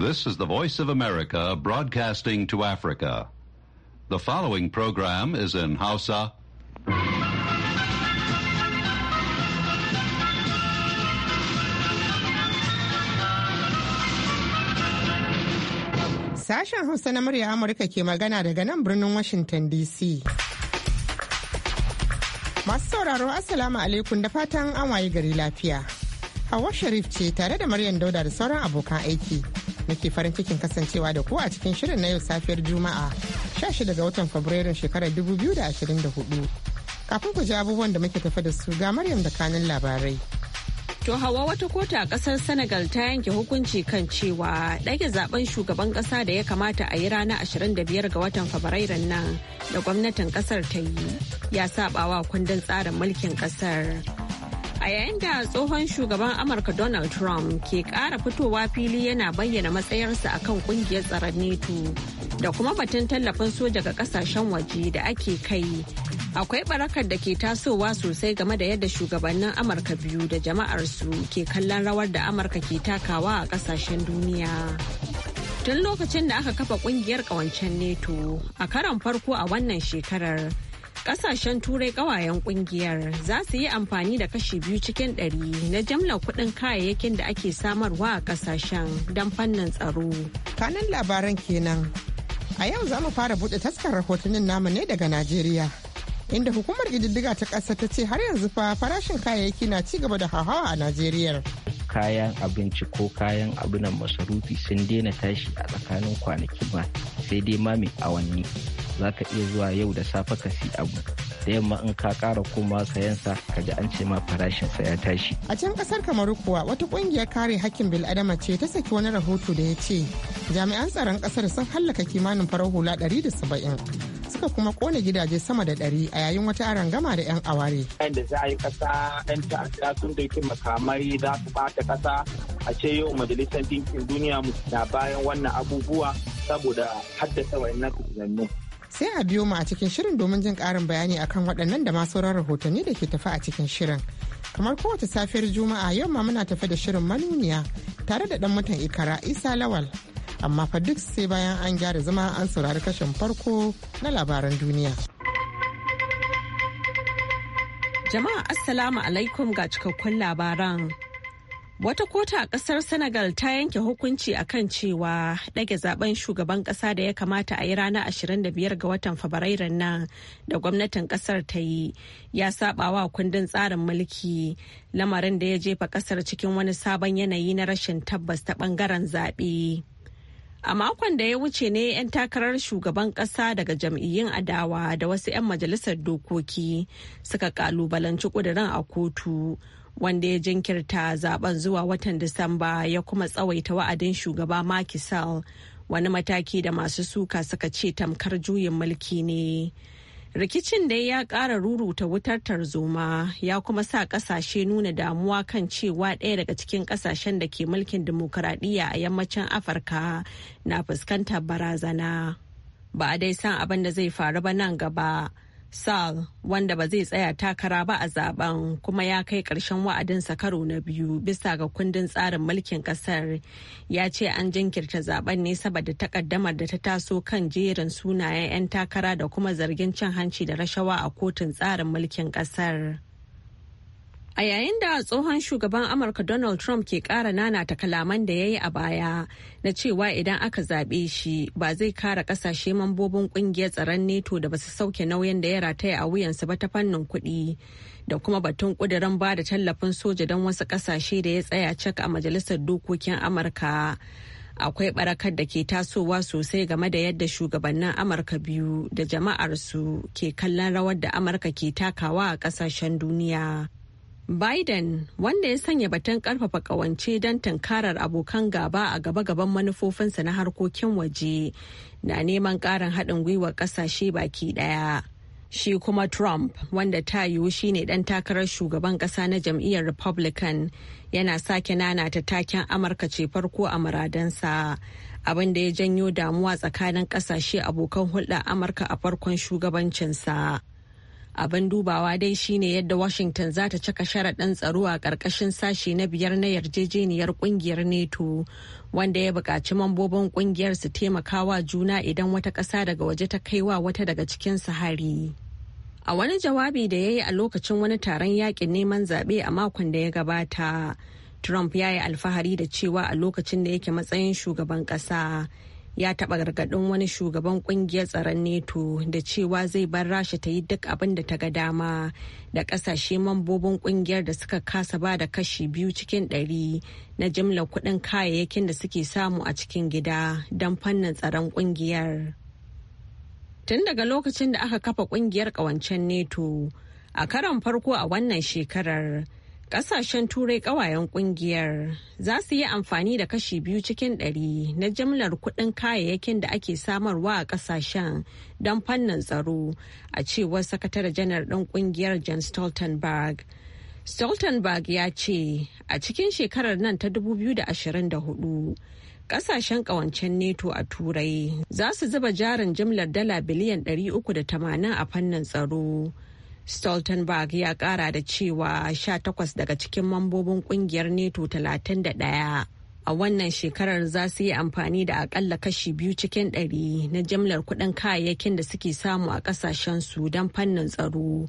This is the Voice of America broadcasting to Africa. The following program is in Hausa. Sashen Hausa na murya Amurka ke magana daga nan birnin Washington DC. Masu sauraro Assalamu alaikum da fatan an waye gari lafiya. Hawa Sharif ce tare da Maryam Dauda da sauran abokan aiki. muke farin cikin kasancewa da ku a cikin shirin na yau safiyar Juma'a 16 ga watan Fabrairun shekarar 2024. Kafin ku ji abubuwan da muke tafa da su ga Maryam da kanin labarai. To hawa wata kota a kasar Senegal ta yanke hukunci kan cewa ɗage zaben shugaban ƙasa da ya kamata a yi ranar 25 ga watan Fabrairun nan da gwamnatin ƙasar ta yi ya sabawa kundin tsarin mulkin ƙasar. A yayin da tsohon shugaban Amurka Donald Trump ke kara fitowa fili yana bayyana matsayarsa akan kungiyar tsaron NATO da kuma batun tallafin soja ga kasashen waje da ake kai. Akwai barakar da ke tasowa sosai game da yadda shugabannin Amurka biyu da jama'ar su ke kallon rawar da Amurka ke takawa a kasashen duniya. tun lokacin da aka kafa kungiyar kawancen neto a karon farko a wannan shekarar kasashen turai kawayen kungiyar za su yi amfani da kashi biyu cikin ɗari na jamlar kuɗin kayayyakin da ake samarwa a kasashen don fannin tsaro. kanan labaran kenan a yau za mu fara buɗe taskar rahotannin namu ne daga najeriya inda hukumar ƙididdiga ta ƙasa ta ce har yanzu fa farashin kayayyaki na ci gaba da hauhawa a najeriya kayan abinci ko kayan abin masarufi sun daina tashi a tsakanin kwanaki ba sai dai ma mai awanni za ka iya zuwa yau da safe ka si abu da yamma in ka kara koma sayansa ji an ce ma farashinsa ya tashi. A can kasar Kamaru kuwa wata kungiyar kare hakkin bil'adama ce ta saki wani rahoto da ya ce jami'an tsaron kasar sun hallaka kimanin farar hula 170 suka kuma kone gidaje sama da ɗari a yayin wata gama da 'yan aware. da za a yi kasa 'yan ta'adda sun dauki makamai za su bata kasa a ce yau majalisar dinkin duniya na bayan wannan abubuwa saboda haddasa wa'annan tunannin. sai a biyo mu a cikin shirin domin jin ƙarin bayani akan waɗannan da ma sauran rahotanni da ke tafi a cikin shirin. kamar kowace safiyar juma'a yau ma muna tafe da shirin manuniya tare da dan mutan ikara isa lawal amma fa duk sai bayan an gyara zama an saurari kashin farko na labaran duniya jama'a assalamu alaikum ga cikakkun labaran Wata kota a ƙasar Senegal ta yanke hukunci a kan cewa ɗage zaben shugaban ƙasa da ya kamata a yi ranar 25 ga watan Fabrairun nan da gwamnatin ƙasar ta yi ya sabawa kundin tsarin mulki lamarin da ya jefa ƙasar cikin wani sabon yanayi na rashin tabbas ta ɓangaren zaɓe. A makon da ya wuce ne 'yan takarar shugaban ƙasa daga jam'iyyun adawa da wasu 'yan majalisar dokoki suka kalubalanci ƙudurin a kotu. wanda ya jinkirta zaben zuwa watan Disamba ya kuma tsawaita wa'adin shugaba Macky wani mataki da masu suka suka ce tamkar juyin mulki ne. Rikicin dai ya ƙara ruruta wutar tarzoma ya kuma sa kasashe nuna damuwa kan cewa ɗaya daga cikin kasashen da ke mulkin dimokuraɗiyya a yammacin Afirka na fuskantar barazana. Ba a dai san abin da zai faru ba nan gaba. Sal wanda ba zai tsaya takara ba a zaben kuma ya kai ƙarshen wa'adinsa karo na biyu bisa ga kundin tsarin mulkin ƙasar ya ce an jinkirta zaben ne saboda takaddamar da ta taso kan jerin sunayen 'yan takara da kuma zargin cin hanci da rashawa a kotun tsarin mulkin ƙasar. A yayin da tsohon shugaban Amurka Donald Trump ke ƙara nanata kalaman da ya yi a baya na cewa idan aka zaɓe shi ba zai kara ƙasashe mambobin ƙungiyar tsaron NETO da basu sauke nauyin da ya rataya a wuyansa ba ta fannin kuɗi da kuma batun ƙudurin ba da tallafin soja don wasu ƙasashe da ya tsaya cak a Majalisar Dokokin Amurka. Akwai barakar da ke tasowa sosai game da yadda shugabannin Amurka biyu da jama'arsu ke kallon rawar da Amurka ke takawa a ƙasashen duniya. Biden wanda ya sanya batun karfafa kawance don tunkarar abokan gaba a gaba-gaban manufofinsa na harkokin waje na neman karin haɗin gwiwar ƙasashe baki ɗaya. Shi kuma Trump wanda ta yiwu ne ɗan takarar shugaban ƙasa na jam'iyyar Republican yana sake nanata taken Amurka ce farko a muradansa. abin da ya janyo damuwa tsakanin ƙasashe abokan hulɗa Amurka a farkon shugabancinsa. abin dubawa dai shine yadda washington za ta cika sharaɗin tsaro a ƙarƙashin sashi na biyar na yarjejeniyar ƙungiyar neto wanda ya buƙaci mambobin ƙungiyar su taimakawa juna idan wata ƙasa daga waje ta kai wa wata daga cikin su hari a wani jawabi da ya yi a lokacin wani taron yaƙin neman zaɓe a makon da ya gabata trump ya yi alfahari da cewa a lokacin da yake matsayin shugaban ƙasa ya taɓa gargaɗin wani shugaban ƙungiyar tsaron neto da cewa zai bar rasha ta yi duk abin da ta ga dama da ƙasashe mambobin ƙungiyar da suka kasa ba da kashi biyu cikin ɗari na jimla kuɗin kayayyakin da suke samu a cikin gida don fannin tsaron ƙungiyar. Tun daga lokacin da aka kafa ƙungiyar ƙawancen neto a karon farko a wannan shekarar Ƙasashen turai ƙawayen ƙungiyar za su yi amfani da kashi biyu cikin ɗari na jimlar kuɗin kayayyakin da ake samarwa a ƙasashen don fannin tsaro a cewar sakatare janar ɗin ƙungiyar John Stoltenberg. Stoltenberg ya ce a cikin shekarar nan ta 2024 kasashen kawancen neto a turai za su zuba jarin jimlar dala biliyan 380 a fannin tsaro stoltenberg ya kara da cewa 18 daga cikin mambobin kungiyar neto 31 a wannan shekarar za su yi amfani da akalla kashi biyu cikin ɗari na jimlar kuɗin kayayyakin da suke samu a ƙasashensu don fannin tsaro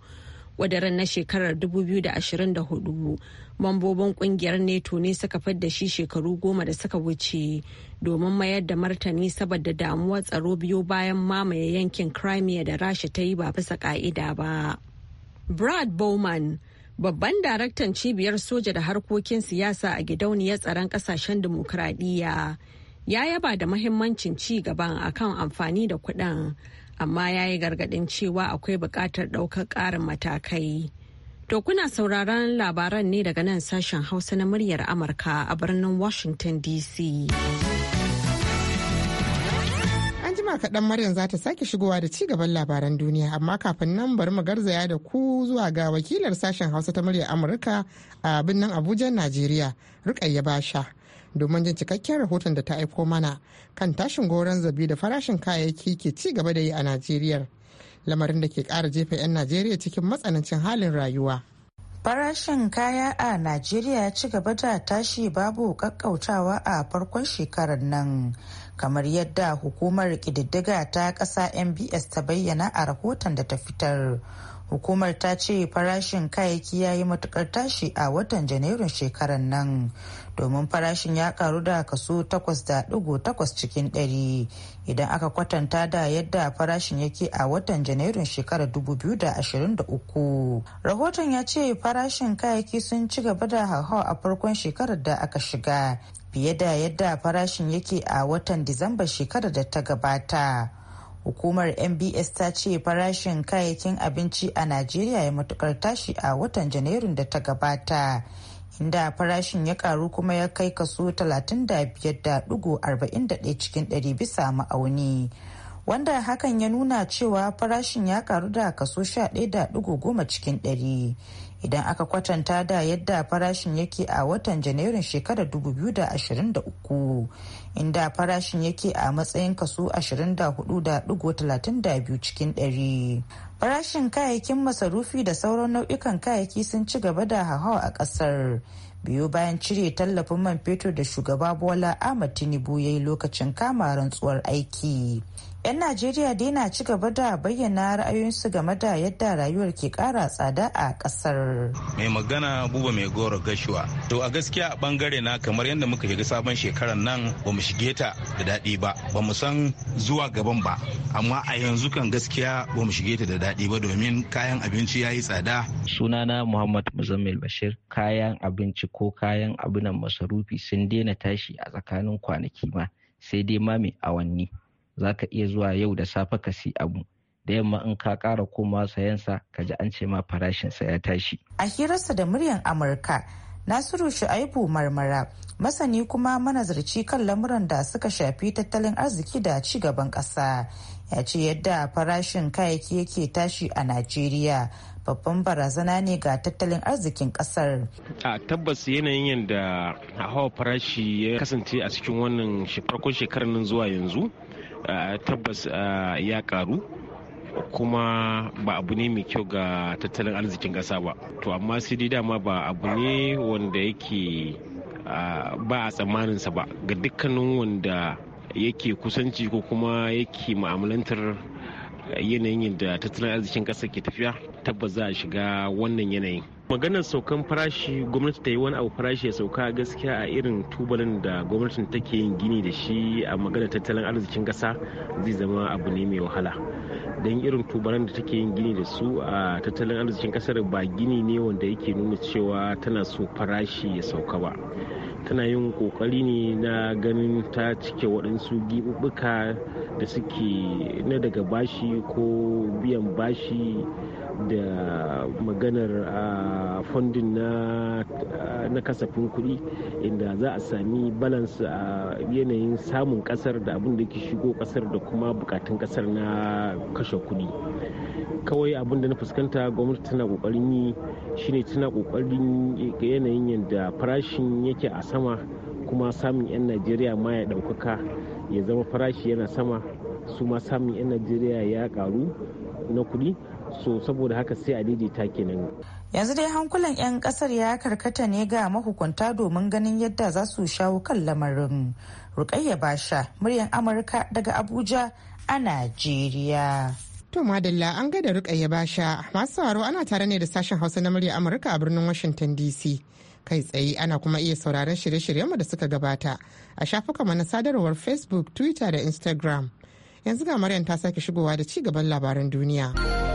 wadaran na shekarar 2024 mambobin kungiyar neto ne suka fidda shi shekaru goma da suka wuce domin mayar da martani saboda damuwar tsaro biyu bayan mamaye yankin crimea da rasha ta yi ba bisa ka'ida ba Brad Bowman, babban daraktan cibiyar soja da harkokin siyasa a gidauniyar tsaron kasashen dimokuraɗiyya, ya yaba da mahimmancin ci gaban akan amfani da kuɗin, amma ya yi gargaɗin cewa akwai buƙatar ɗaukar ƙarin matakai. To kuna sauraron labaran ne daga nan sashen Hausa na muryar Amurka a birnin Washington DC. jima kaɗan Maryam za ta sake shigowa da ci gaban labaran duniya amma kafin nan bari mu garzaya da ku zuwa ga wakilar sashen Hausa ta murya Amurka a birnin Abuja, Najeriya, Rukayya Basha. Domin jin cikakken rahoton da ta aiko mana kan tashin goron zabi da farashin kayayyaki ke ci gaba da yi a Najeriya. Lamarin da ke ƙara jefa 'yan Najeriya cikin matsanancin halin rayuwa. Farashin kaya a Najeriya ya ci gaba da tashi babu kakkautawa a farkon shekarar nan. kamar yadda hukumar kididdiga ta ƙasa mbs ta bayyana a rahoton da ta fitar hukumar ta ce farashin kayayyaki ya yi matukar tashi a watan janairun shekarar nan domin farashin ya karu da kaso 8.8 cikin 100 idan aka kwatanta da yadda farashin yake a watan janairun shekarar 2023 rahoton ya ce farashin kayayyaki sun ci gaba da hauhawa a farkon shekarar da aka shiga fiye da yadda farashin yake a watan disamba shekarar da ta gabata hukumar mbs ta ce farashin kayayyakin abinci a najeriya ya matukar tashi a watan janairun da ta gabata inda farashin ya karu kuma ya kai kaso 35.41 cikin 100 bisa ma'auni wanda hakan ya nuna cewa farashin ya karu da kaso 11.10 cikin 100 idan aka kwatanta da yadda farashin yake a watan janairun shekarar 2023 inda farashin yake a matsayin kaso 24.32 cikin 100 farashin kayayyakin masarufi da sauran nau'ikan kayayyaki sun ci gaba da hauhawa a kasar biyu bayan cire tallafin man fetur da shugaba bola ahmad tinubu ya yi lokacin kama rantsuwar aiki 'yan najeriya dai na ci gaba da bayyana ra'ayoyinsu game da yadda rayuwar ke kara tsada a kasar mai magana buba mai goro gashuwa to a gaskiya a bangare na kamar yadda muka shiga sabon shekarar nan ba mu shige ta da daɗi ba ba mu san zuwa gaban ba amma a yanzu kan gaskiya ba mu shige ta da daɗi ba domin kayan abinci ya yi tsada sunana muhammad muzammil bashir kayan abinci ko kayan abinan masarufi sun daina tashi a tsakanin kwanaki ma sai dai ma mai awanni za ka iya zuwa yau da safe ka si abu da yamma in ka kara koma sayansa ka ji an ce ma farashinsa ya tashi. A hirarsa da muryar Amurka, Nasiru Shu'aibu Marmara, masani kuma manazarci kan lamuran da suka shafi tattalin arziki da ci gaban ƙasa, ya ce yadda farashin kayayyaki yake tashi a Najeriya. babban barazana ne ga tattalin arzikin kasar. A tabbas yanayin yadda hawa farashi ya kasance a cikin wannan farkon shekarar nan zuwa yanzu Eh, tabbas eh, ya karu kuma ba abu ne mai kyau ga tattalin arzikin ƙasa ba to amma sai dai dama ba abu ne wanda yake eh, ba a tsammaninsa ba ga dukkanin wanda yake kusanci ko kuma yake ma'amalantar yanayin da tattalin arzikin ƙasa ke tafiya tabbas za a shiga wannan yanayin maganar saukan farashi gwamnati ta yi wani abu farashi ya sauka gaskiya a irin tubalin da gwamnatin take yin gini da shi a maganar tattalin arzikin ƙasa zai zama abu ne mai wahala don irin tubalin da take yin gini da su a tattalin arzikin kasar ba gini ne wanda yake nuna cewa tana so farashi ya sauka ba tana yin kokari ne na ganin ta cike waɗansu gibubbuka da suke na daga bashi ko biyan bashi da maganar ah, fundin ah, na kasafin kuɗi inda za a sami balance a yanayin samun kasar da abin da ke shigo kasar da kuma bukatun kasar na kashe kuɗi kawai abin da na fuskanta gwamnati tana kokarin yi shine tana ga yanayin yadda farashin yake a sama kuma samun 'yan najeriya ma ya ɗaukaka ya zama farashi yana sama su ma samun 'yan najeriya ya ƙaru na kuɗi so saboda haka sai a daidaita kenan yanzu dai hankulan 'yan kasar ya karkata ne ga mahukunta domin ganin yadda za su shawo kan lamarin rukayya basha muryan amurka daga abuja a najeriya To Madalla an da rukayya basha masu sauraro ana tare ne da sashen hausa na murya Amurka a birnin Washington DC. Kai tsaye ana kuma iya sauraron shirye-shiryenmu da suka gabata a shafuka mana sadarwar Facebook, Twitter da Instagram. Yanzu ga Maryam ta sake shigowa da ci gaban labaran duniya.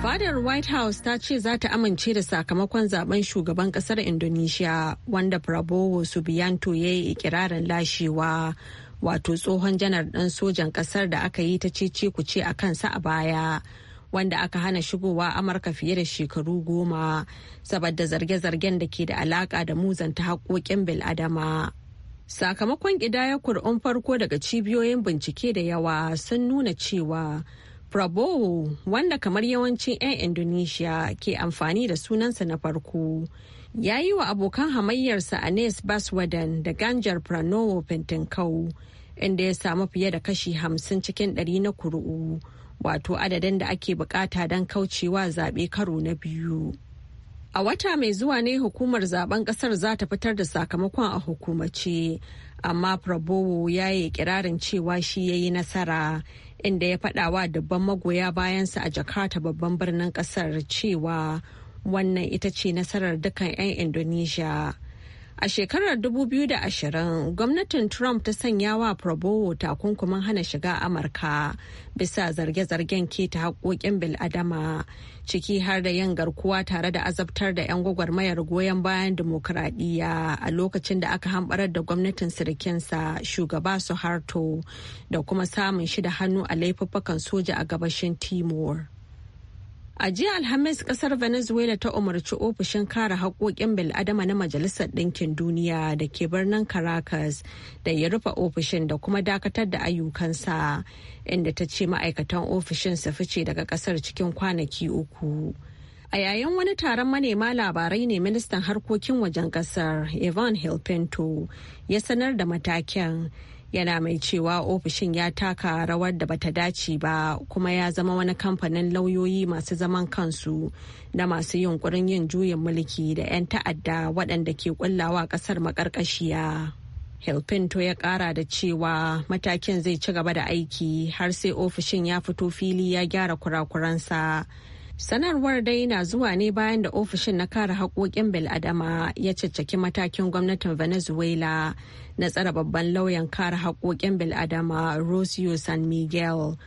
Fadar White House ta ce za ta amince da sakamakon zaben shugaban kasar Indonesia wanda Prabowo Subianto ya yi ikirarin lashewa wato tsohon janar ɗan sojan kasar da aka yi ta cece ku ce a kansa a baya. Wanda aka hana shigowa Amurka fiye da shekaru goma saboda zarge-zargen da ke da alaƙa da muzanta haƙoƙin bil'adama. Sakamakon ƙidayar kur'un farko daga cibiyoyin bincike da yawa sun nuna cewa Prabowo wanda kamar yawancin 'yan Indonesia ke amfani da sunansa na farko. Ya yi wa abokan hamayyarsa Anes Baswedan da Ganjar Pranowo kau inda ya samu fiye da kashi hamsin cikin ɗari na kuru'u wato adadin da ake bukata don kaucewa zaɓe karo na biyu. A wata mai zuwa ne hukumar zaben ƙasar za ta fitar da sakamakon a hukumace, amma Prabowo ya yi kirarin cewa shi ya yi nasara inda ya faɗa wa dubban magoya bayansa a jakarta babban birnin ƙasar cewa wannan ita ce nasarar dukkan 'yan indonesia A shekarar 2020, gwamnatin Trump ta sanya wa Prabowo takunkumin hana shiga Amurka bisa zarge-zargen ke keta haƙoƙin bil'adama ciki har da yin garkuwa tare da azabtar da 'yan gwagwarmayar goyon bayan dimokuraɗiyya a lokacin da aka hamɓarar da gwamnatin sirikinsa shugaba su harto, da kuma samun shi da hannu a laifuffukan soja a gabashin Timor. A jiya Alhamis kasar Venezuela ta umarci ofishin kare haƙoƙin bil'adama na Majalisar Ɗinkin Duniya da ke birnin Caracas da ya rufe ofishin da kuma dakatar da ayyukansa inda ta ce ma'aikatan ofishin su fice daga ƙasar cikin kwanaki uku. A yayin wani taron manema labarai ne ministan harkokin wajen ƙasar, Ivan Hilpinto ya sanar da matakin yana mai cewa ofishin ya taka rawar da bata dace ba kuma ya zama wani kamfanin lauyoyi masu zaman kansu da masu yunkurin yin juyin mulki da 'yan ta'adda waɗanda ke kullawa ƙasar maƙarƙashiya. helpinto ya ƙara da cewa matakin zai ci gaba da aiki har sai ofishin ya fito fili ya gyara kurakuransa Sanarwar dai na zuwa ne bayan da ofishin na kare haƙoƙin bil'adama ya caccaki matakin gwamnatin Venezuela na tsara babban lauyan kare haƙoƙin bil'adama Rosio San Miguel.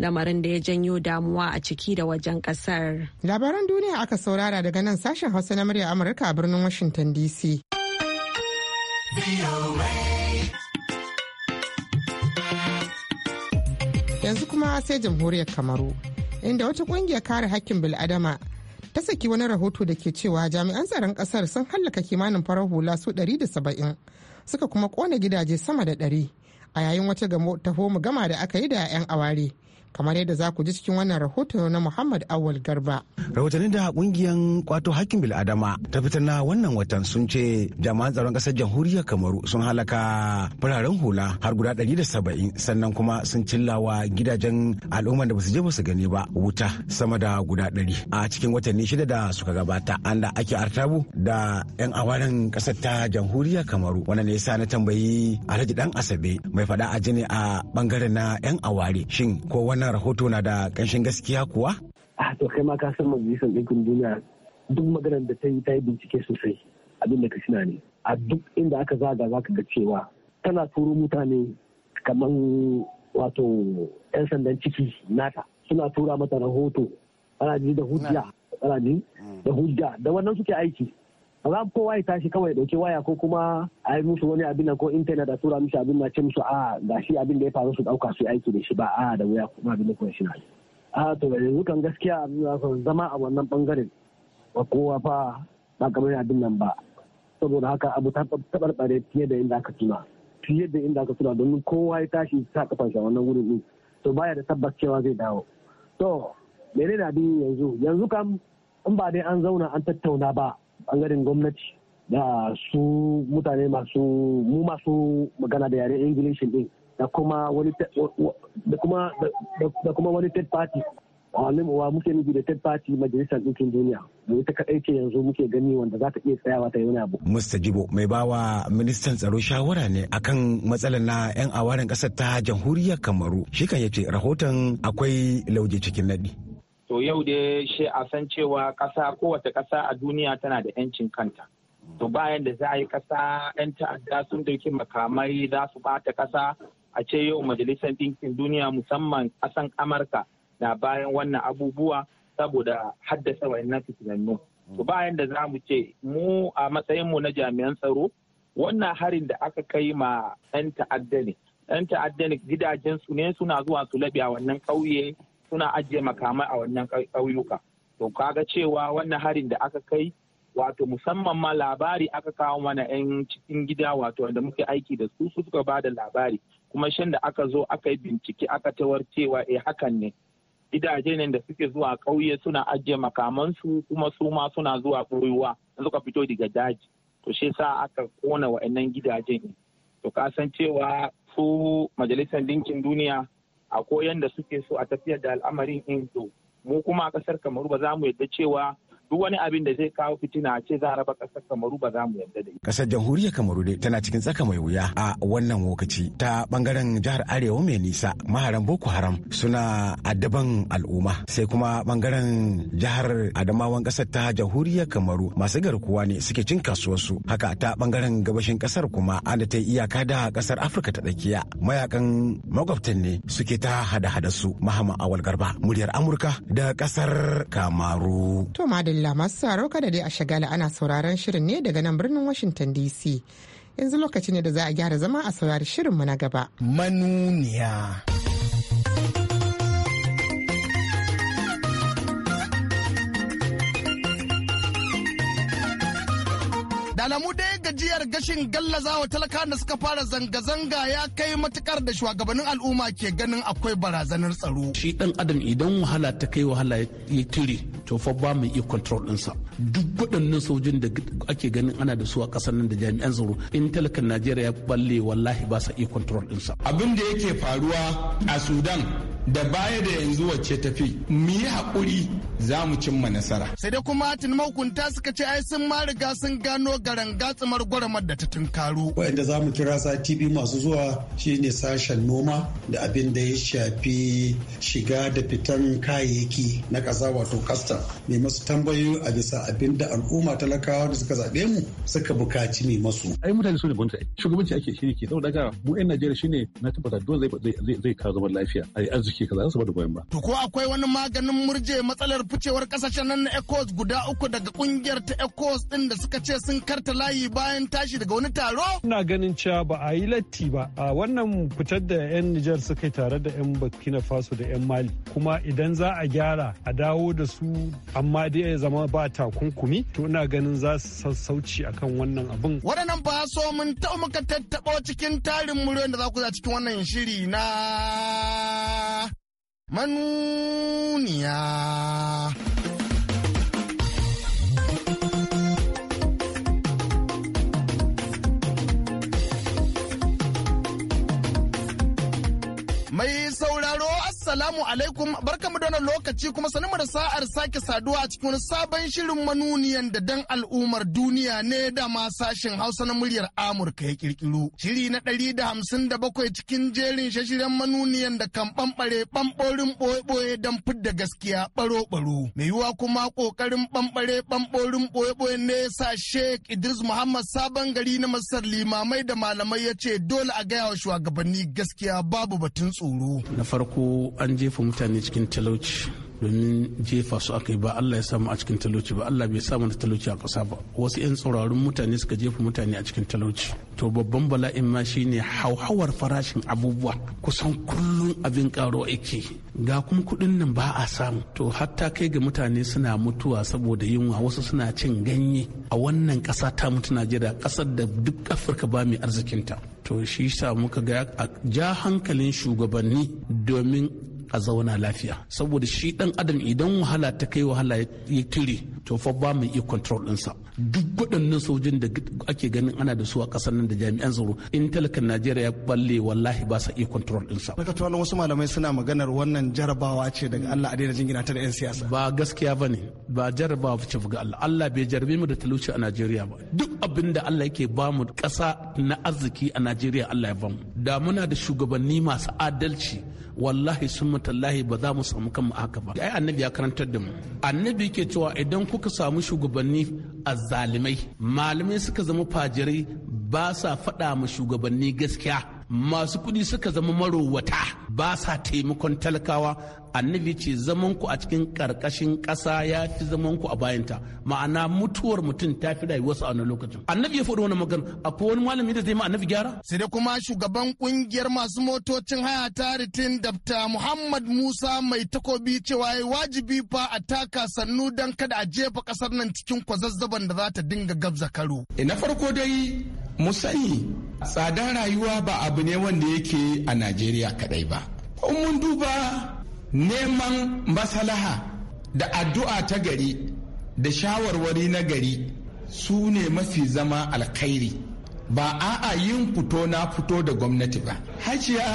lamarin da ya janyo damuwa a ciki da wajen kasar. Labaran duniya aka saurara daga nan sashen Hausa na murya Amurka a birnin Washington DC. Yanzu kuma sai jamhuriyar Kamaru. inda wata kungiyar kare hakkin bil'adama ta saki wani rahoto da ke cewa jami'an tsaron kasar sun hallaka kimanin farar hula su 170 suka kuma kona gidaje sama da 100 a yayin wata taho mu gama da aka yi da 'yan aware kamar yadda za ku ji cikin wannan rahoto na Muhammad Awal Garba. rahotanni da kungiyar kwato hakkin bil'adama ta fitar na wannan watan sun ce jama'an tsaron kasar jamhuriyar Kamaru sun halaka fararen hula har guda 170 sannan kuma sun cillawa gidajen al'umma da basu je basu gani ba wuta sama da guda 100 a cikin watanni shida da suka gabata an da ake artabu da 'yan awarin kasar ta jamhuriyar Kamaru wannan ne yasa na tambayi Alhaji Dan Asabe mai fada a jini a bangaren na 'yan aware shin ko wani wannan rahoto na da ƙanshin gaskiya kuwa? A ah, to kai ma ka san majalisar ɗinkin duniya duk maganar da ta yi ta yi bincike sosai abin da ka shina ne. A duk inda aka zaga za ka ga cewa tana turo mutane kamar wato 'yan sandan ciki nata suna tura mata rahoto ana ji da hujja ana ji mm. da hujja da wannan suke aiki ba za kowa ya tashi kawai dauki waya ko kuma a yi musu wani abin ko intanet a tura musu abin na ce musu a ah, ga shi abin da ya faru su dauka su aiki da shi ba a ah, da wuya kuma abin da kuma shi na a ah, to yanzu kan gaskiya zama a wannan bangaren ba kowa fa ba kamar abin nan ba saboda haka abu ta tabarbare fiye da inda aka tuna fiye da inda aka tuna domin kowa ya tashi sa kafan shi a wannan wurin din to baya da tabbas cewa zai dawo to menene abin yanzu yanzu kam in ba dai an zauna an tattauna ba bangaren gwamnati da su mutane masu mu masu magana da yare ingilishin din da kuma wani da wa muke nufi da third party majalisar ɗinkin duniya da ita kaɗai ce yanzu muke gani wanda za ta iya tsayawa ta yi wani abu. Mista Jibo mai bawa ministan tsaro shawara ne akan matsalar na 'yan awarin ƙasar ta jamhuriyar Kamaru shi kan yace rahoton akwai lauje cikin naɗi. to yau da shi a san cewa kasa kowace kasa a duniya tana da 'yancin kanta to bayan da za a yi kasa 'yan ta'adda sun dauki makamai za su bata kasa a ce yau majalisar ɗinkin duniya musamman ƙasan amurka na bayan wannan abubuwa saboda haddasa wa'annan fitinannu to bayan da za mu ce mu a matsayin mu na jami'an tsaro wannan harin da aka kai ma 'yan ta'adda ne 'yan ta'adda ne su ne suna zuwa su a wannan ƙauye suna ajiye makamai a wannan ƙauyuka to kaga cewa wannan harin da aka kai wato musamman ma labari aka kawo mana 'yan cikin gida wato wanda muke aiki da su suka ba da labari kuma shan da aka zo aka yi bincike aka tawar cewa eh hakan ne gidaje ne da suke zuwa ƙauye suna ajiye makamansu kuma su ma suna zuwa ɓoyuwa suka fito daga daji to shi sa aka kona wa'annan gidajen to ka san cewa su majalisar dinkin duniya a koyan da suke so a tafiyar da al'amarin in to mu kuma a kasar kamaru ba za mu yadda cewa duk wani abin da zai kawo fitina a ce za a raba ƙasar kamaru ba za mu yarda da ita. ƙasar jamhuriyar kamaru dai tana cikin tsaka mai wuya a wannan lokaci ta ɓangaren jihar arewa mai nisa maharan boko haram suna addaban al'umma sai kuma bangaren jihar adamawan ƙasar ta jamhuriyar kamaru masu garkuwa ne suke cin kasuwarsu haka ta bangaren gabashin ƙasar kuma ana ta yi iyaka da ƙasar afirka ta tsakiya mayakan magwabtan ne suke ta hada-hada su mahama awal garba muryar amurka da ƙasar kamaru. to madalla Abdulla masu taro kada dai a shagala ana sauraron shirin ne daga nan birnin Washington DC. Yanzu lokaci ne da za a gyara zama a saurari mu na gaba. Manuniya. Da alamu dai gajiyar gashin gallazawa talaka da suka fara zanga-zanga ya kai matukar da shugabannin al'umma ke ganin akwai barazanar tsaro. Shi ɗan adam idan wahala ta kai wahala ya tire to fa ba mu iya control ɗinsa duk waɗannan sojin da ake ganin ana da su a ƙasar nan da jami'an tsaro in talakan najeriya ya balle wallahi ba sa iya control ɗinsa abin da yake faruwa a sudan da baya da yanzu wacce tafi mu yi haƙuri za mu cimma nasara. Sai dai kuma tun mahukunta suka ce ai sun ma riga sun gano garan gatsumar gwaramar da ta tunkaru. Wa'anda za mu kira sati TV masu zuwa shine sashen noma da abin da ya shafi shiga da fitan kayayyaki na ƙasa wato kasta. mai masu tambayoyi a bisa abin da al'umma talakawa da suka zaɓe mu suka bukaci mai masu. Ai mutane su ne gwamnati ai shugabanci ake shi ke saboda ga mu 'yan Najeriya shine na tabbata dole zai zai kawo zaman lafiya a arziki kaza su bada goyon ba. To ko akwai wani maganin murje matsalar ficewar kasashen nan na ECOWAS guda uku daga kungiyar ta ECOWAS din da suka ce sun karta layi bayan tashi daga wani taro? Ina ganin cewa ba a yi latti ba a wannan fitar da 'yan Nijar suka yi tare da 'yan Burkina Faso da 'yan Mali kuma idan za a gyara a dawo da su amma dai ya zama ba takunkumi to ina ganin za su sassauci akan wannan abin waɗannan ba so mun taɓa muka tattaɓa cikin tarin muryoyin da za ku za cikin wannan shiri na manuniya Assalamu alaikum barkamu da wannan lokaci kuma sanin da sa'ar sake saduwa a cikin sabon shirin manuniyan da dan al'ummar duniya ne da ma sashin Hausa na muryar Amurka ya kirkiro. Shiri na ɗari da hamsin da bakwai cikin jerin shashiren manuniyan da kan ɓamɓare bamborin ɓoye-ɓoye don fidda gaskiya baro-baro. Mai yiwa kuma ƙoƙarin ɓamɓare ɓamɓorin ɓoye-ɓoye ne sa Sheikh Idris Muhammad sabon gari na Masar limamai da malamai ya ce dole a gaya wa shugabanni gaskiya babu batun tsoro. Na farko an jefa mutane cikin talauci domin jefa su aka yi ba Allah ya samu a cikin talauci ba Allah bai samu da talauci a ƙasa ba wasu 'yan tsauraran mutane suka jefa mutane a cikin talauci to babban bala'in ma shine hauhawar farashin abubuwa kusan kullum abin karo yake ga kuma kuɗin nan ba a samu to hatta kai ga mutane suna mutuwa saboda yunwa wasu suna cin ganye a wannan ƙasa ta mutu Najeriya ƙasar da duk Afirka ba mai arzikinta to shi sa muka ga a ja hankalin shugabanni domin a zauna lafiya saboda shi dan adam idan wahala ta kai wahala ya tire to fa ba mu iya control ɗinsa duk waɗannan sojin da ake ganin ana da su a ƙasar nan da jami'an tsaro in talakan najeriya balle wallahi ba sa iya control ɗinsa. daga tuwalin wasu malamai suna maganar wannan jarabawa ce daga allah a daina jingina ta da yan siyasa. ba gaskiya ba ne ba jarabawa ce ga allah allah bai jarabe mu da talauci a najeriya ba duk abin da allah yake ba mu ƙasa na arziki a najeriya allah ya ba mu da muna da shugabanni masu adalci wallahi sun matallahi ba za mu samu kanmu haka ba ai annabi ya karantar da mu annabi ke cewa idan kuka samu shugabanni azzalimai malamai suka zama fajirai ba sa faɗa ma shugabanni gaskiya masu kuɗi suka zama marowata ba sa taimakon talakawa annabi ce zaman ku a cikin karkashin ƙasa ya fi zaman ku a bayanta ma'ana mutuwar mutum ta fi wasu a wani lokacin annabi ya faɗi wani magana akwai wani malami da zai ma annabi gyara sai dai kuma shugaban kungiyar masu motocin haya ta ritin dabta muhammad musa mai takobi cewa ya wajibi fa a taka sannu don kada a jefa ƙasar nan cikin kwazazzaban da za ta dinga gabza karo eh, na farko dai mu sani tsadar rayuwa ba abu ne wanda yake a najeriya kadai ba mun duba neman masalaha da addu'a ta gari da shawarwari na gari su ne mafi zama alkhairi ba a'a yin fito na fito da gwamnati ba hajiya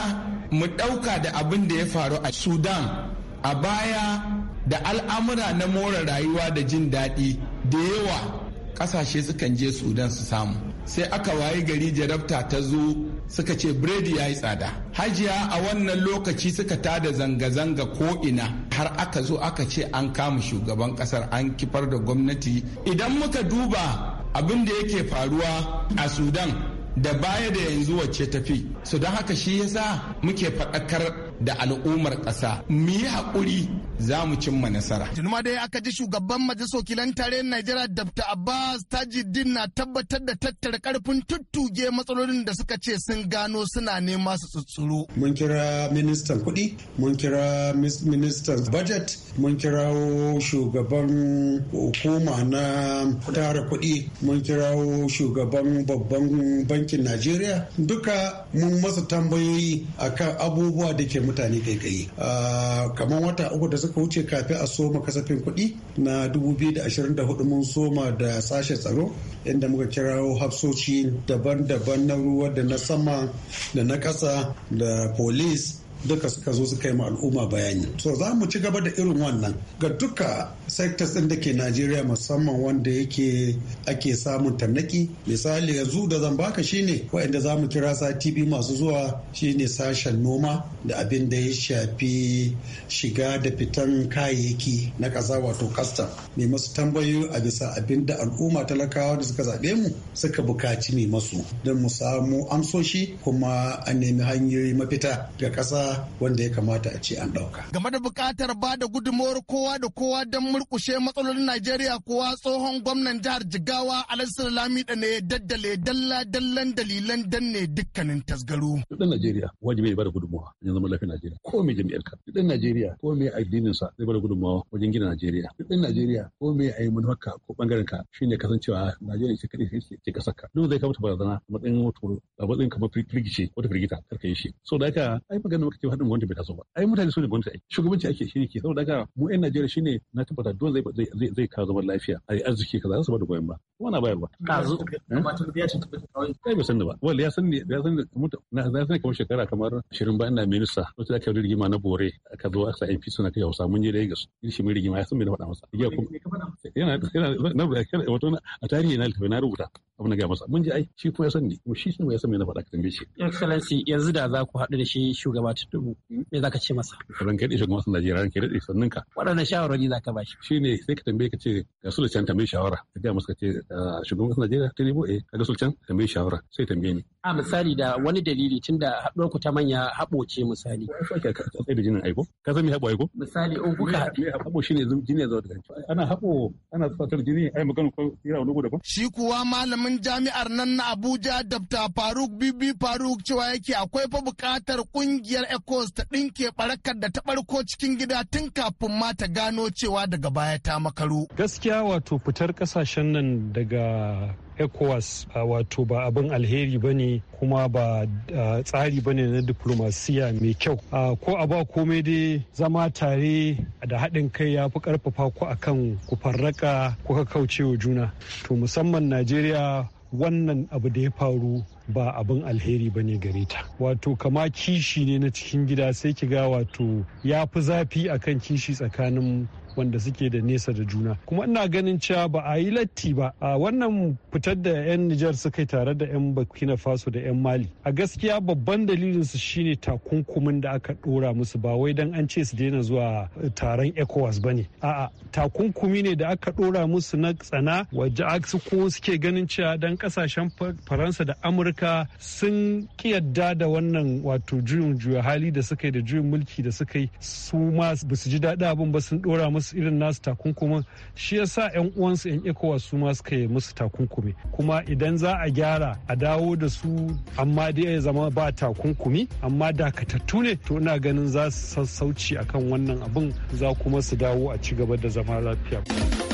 mu ɗauka da abin da ya faru a sudan a baya da al'amura na more rayuwa da jin daɗi da yawa kasashe sukan je sudan su samu sai aka waye gari jarabta ta zo suka ce biredi ya yi tsada hajiya a wannan lokaci suka tada zanga-zanga ko ina har aka zo aka ce an kama shugaban kasar an kifar da gwamnati idan muka duba abin da yake faruwa a sudan da baya da yanzu wacce tafi su don haka shi yasa muke faɗakar da al'ummar ƙasa mu yi haƙuri za mu cimma nasara. Tunuma dai aka ji shugaban majalisar wakilan tarayyar Najeriya Dr. Abbas Tajuddin na tabbatar da tattara karfin tuttuge matsalolin da suka ce sun gano suna nema su tsutsuro. Mun kira ministan kuɗi, mun kira ministan budget, mun kirawo shugaban hukuma na tara kuɗi, mun kirawo shugaban babban bankin Najeriya. Duka mun masa tambayoyi akan abubuwa da ke mutane kai-kai. Ah, kamar wata uku da suka wuce kafin a soma kasafin kuɗi na 2024 mun soma da sashen tsaro inda muka kirawo hafsoci daban-daban na ruwa da na sama da na ƙasa da police duka suka zo suka yi ma al'umma bayani. So za mu ci gaba da irin wannan ga duka sectors ɗin da ke Najeriya musamman wanda yake ake samun tannaki misali yanzu da zan baka shine waɗanda za mu kira sati biyu masu zuwa shine sashen noma da abin da ya shafi shiga da fitan kayayyaki na ƙasa wato custom ne masu tambayoyi a bisa abin da al'umma talakawa da suka zaɓe mu suka bukaci ne masu don mu samu amsoshi kuma a nemi hanyoyi mafita ga ƙasa wanda ya kamata a ce an ɗauka. Game da buƙatar ba da gudunmawar kowa da kowa don murkushe matsalolin Najeriya kuwa tsohon gwamnan jihar Jigawa Alhassan Lamida ne ya daddale dalla dallan dalilan danne dukkanin tasgaro. Dan Najeriya wajibi mai bada gudunmawa wajen zaman lafiyar Najeriya ko mai jami'ar ka. Dan Najeriya ko mai addinin sa zai bada gudunmawa wajen gina Najeriya. Dan Najeriya ko mai ayi manufarka ko bangaren ka shine kasancewa Najeriya ita kadai ce kasar ka. Don zai kawo barazana a matsayin wato a matsayin kamar firgice wata firgita kar ka yi shi. So da haka ai magana maka ce, haɗin gwamnati bai taso ba. Ai mutane su ne gwamnati ai. Shugabanci ake shi ne ke saboda haka mu 'yan Najeriya shine na tabbata fada dole zai zai zai kawo zaman lafiya a yi arziki kaza su bada goyon ba na bayarwa kazu ba tun da ya ce kawai kai bai ba wal ya sani ya sani mutu na ya kamar shekara kamar 20 bayan na minista wata aka yi rigima na bore aka zo aka MP suna kai Hausa mun je da in shi mai rigima ya san me na faɗa masa ya yana yana na wato a tarihi na littafi na rubuta abin da ga masa mun je ai shi ko ya sani kuma shi ne ya san me na faɗa ka tambaye shi excellency yanzu da za ku haɗu da shi shugaba Tinubu me za ka ce masa ran kai shugaban Najeriya ran kai sannan ka waɗannan shawarwari za ka ba shi shi ne sai ka tambaye ka ce ga sulcan can tambaye shawara ka ga masa ce shugaban kasar Najeriya ta nemo eh ga sulcan can tambaye shawara sai tambaye ni a misali da wani dalili tunda haɗuwar ku ta manya haɓo ce misali sai da jinin aiko ka san me haɓo aiko misali in kuka haɓo shine jini ya zo daga ana haɓo ana tsatar jini ai magana ko ira wani daban shi kuwa malamin jami'ar nan na Abuja Dr. Faruk Bibi Faruk cewa yake akwai fa buƙatar kungiyar Ecos ta dinke barakar da ta barko cikin gida tun kafin ma ta gano cewa daga daga baya ta makaru. Gaskiya wato fitar kasashen nan daga ECOWAS wato ba abin alheri ba ne kuma ba tsari ba ne na diplomasiya mai kyau. Ko a ba komai dai zama tare da haɗin kai ya fi ƙarfafa ku kan ku farraka kuka wa juna. To musamman Najeriya wannan abu da ya faru ba abin alheri ba ne gare ta wato kama kishi ne na cikin gida sai ki ga wato ya fi zafi akan kishi tsakanin wanda suke da nesa da juna kuma ina ganin cewa ba a yi latti ba a wannan fitar da 'yan nijar suka yi tare da 'yan burkina faso da 'yan mali a gaskiya babban dalilin su shine takunkumin da aka dora musu ba wai dan an ce su daina zuwa taron ecowas bane a'a takunkumi ne da aka dora musu na tsana waje ko suke ganin cewa dan kasashen faransa da amurka sun kiyarda da wannan wato juyin juya hali da suka yi da juyin mulki da suka yi su ma ba su ji daɗi abin ba sun dora musu musu irin nasu takunkumin shi yasa yan uwansu yan ecowas su ma suka yi musu takunkumi kuma idan za a gyara a dawo da su amma dai ya zama ba takunkumi amma dakatattu ne to ina ganin za su sassauci akan wannan abin za kuma su dawo a ci gaba da zama lafiya.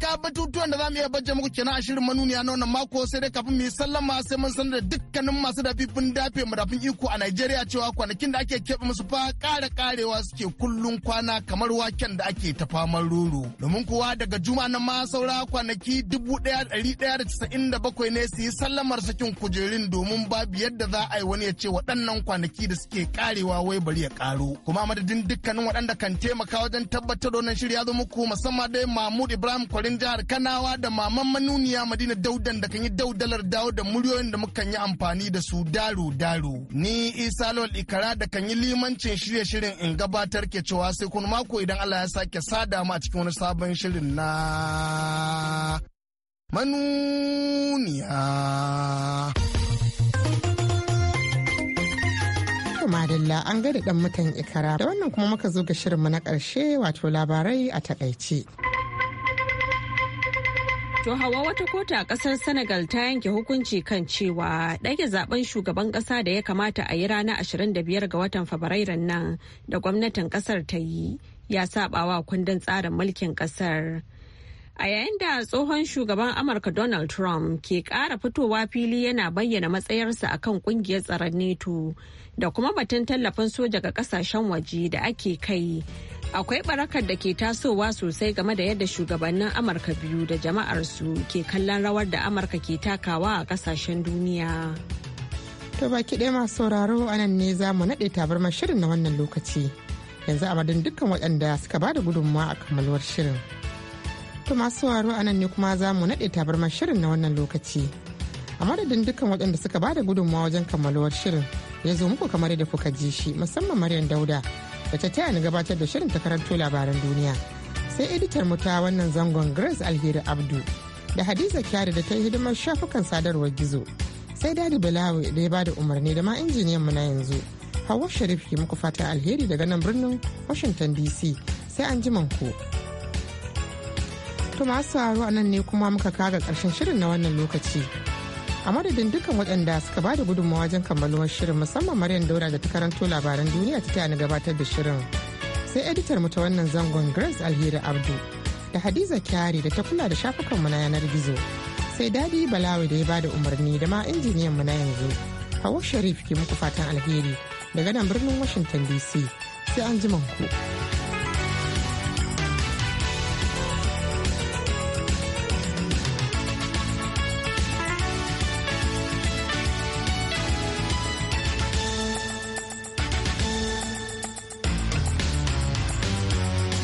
ka batutuwan da za mu iya bajje muku kenan a shirin manuniya na wannan mako sai dai kafin mu yi sallama sai mun sanar da dukkanin masu dafifin dafe madafin iko a Najeriya cewa kwanakin da ake keɓe musu fa ƙara ƙarewa suke kullun kwana kamar waken da ake ta faman roro. Domin kuwa daga juma na ma saura kwanaki dubu ɗaya ɗari ɗaya da casa'in da bakwai ne su yi sallamar sakin kujerun domin babu yadda za a yi wani ya ce waɗannan kwanaki da suke ƙarewa wai bari ya ƙaro. Kuma madadin dukkanin waɗanda kan taimaka wajen tabbatar da wannan shirya zo muku musamman dai Mahmud Ibrahim garin jihar Kanawa da maman manuniya Madina Daudan da kan yi daudalar dawo da muryoyin da mukan yi amfani da su daru daru. Ni Isa Lawal Ikara da kan yi limancin shirye shirin in gabatar ke cewa sai kun mako idan Allah ya sake sada mu a cikin wani sabon shirin na manuniya. madalla an gari dan mutan ikara da wannan kuma muka zo ga shirinmu na karshe wato labarai a takaice. To hawa wata kota a kasar Senegal ta yanke hukunci kan cewa ɗage zaben shugaban ƙasa da ya kamata a yi ranar 25 ga watan Fabrairun nan da gwamnatin ƙasar ta yi ya sabawa kundin tsarin mulkin ƙasar. A yayin da tsohon shugaban Amurka Donald Trump ke ƙara fitowa fili yana bayyana matsayarsa akan kungiyar tsaron NATO da kuma batun tallafin soja ga ƙasashen waje da ake kai. akwai barakar da ke tasowa sosai game da yadda shugabannin amurka biyu da jama'arsu ke kallon rawar da amurka ke takawa a kasashen duniya to baki ɗaya masu sauraro a nan ne za mu naɗe tabarmar shirin na wannan lokaci yanzu a madin dukkan waɗanda suka ba da gudunmawa a kammaluwar shirin to masu sauraro a nan ne kuma za mu naɗe tabarmar shirin na wannan lokaci a madadin dukkan waɗanda suka ba da gudunmawa wajen kammaluwar shirin ya zo muku kamar yadda kuka ji shi musamman maryam dauda da ta taya ni gabatar da shirin ta karanto labaran duniya sai editar mu ta wannan zangon grace alheri abdu da hadiza kyari da ta yi hidimar shafukan sadarwar gizo sai dadi balawi da ya bada umarni da ma injiniyan mu na yanzu hawa sharif ke muku fata alheri daga nan birnin washington dc sai an ji ku. to masu sauraro nan ne kuma muka kaga karshen shirin na wannan lokaci a madadin dukkan waɗanda suka ba da gudunmawa wajen kammaluwar shirin musamman Maryam Daura da ta karanto labaran duniya ta tana gabatar da shirin. Sai editar mu ta wannan zangon Grace Alheri Abdu da Hadiza Kyari da ta kula da shafukanmu na yanar gizo. Sai Dadi Balawi da ya bada umarni da ma injiniyan mu na yanzu. Hawa Sharif ke muku fatan alheri daga nan birnin Washington DC. Sai an ku.